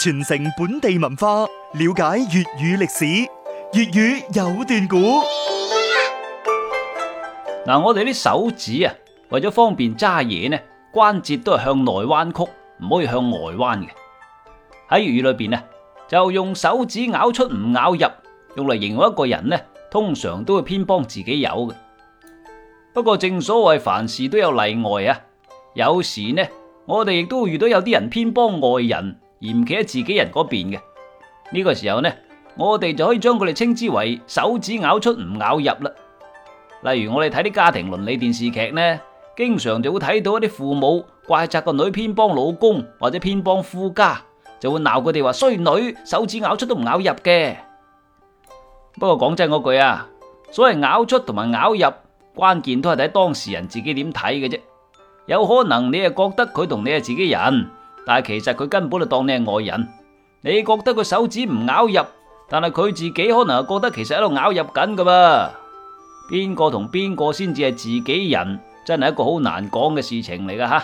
傳承本地文化，了解粵語歷史。粵語有段古嗱、 啊，我哋啲手指啊，為咗方便揸嘢呢，關節都係向內彎曲，唔可以向外彎嘅。喺粵語裏邊呢，就用手指拗出唔拗入，用嚟形容一個人呢，通常都會偏幫自己友嘅。不過正所謂凡事都有例外啊，有時呢，我哋亦都遇到有啲人偏幫外人。嫌企喺自己人嗰邊嘅呢個時候呢，我哋就可以將佢哋稱之為手指拗出唔拗入啦。例如我哋睇啲家庭倫理電視劇呢，經常就會睇到一啲父母怪責個女偏幫老公或者偏幫夫家，就會鬧佢哋話衰女，手指拗出都唔拗入嘅。不過講真嗰句啊，所謂拗出同埋拗入，關鍵都係睇喺當事人自己點睇嘅啫。有可能你係覺得佢同你係自己人。但係其實佢根本就當你係外人，你覺得佢手指唔拗入，但係佢自己可能又覺得其實喺度拗入緊噶噃。邊個同邊個先至係自己人，真係一個好難講嘅事情嚟噶吓。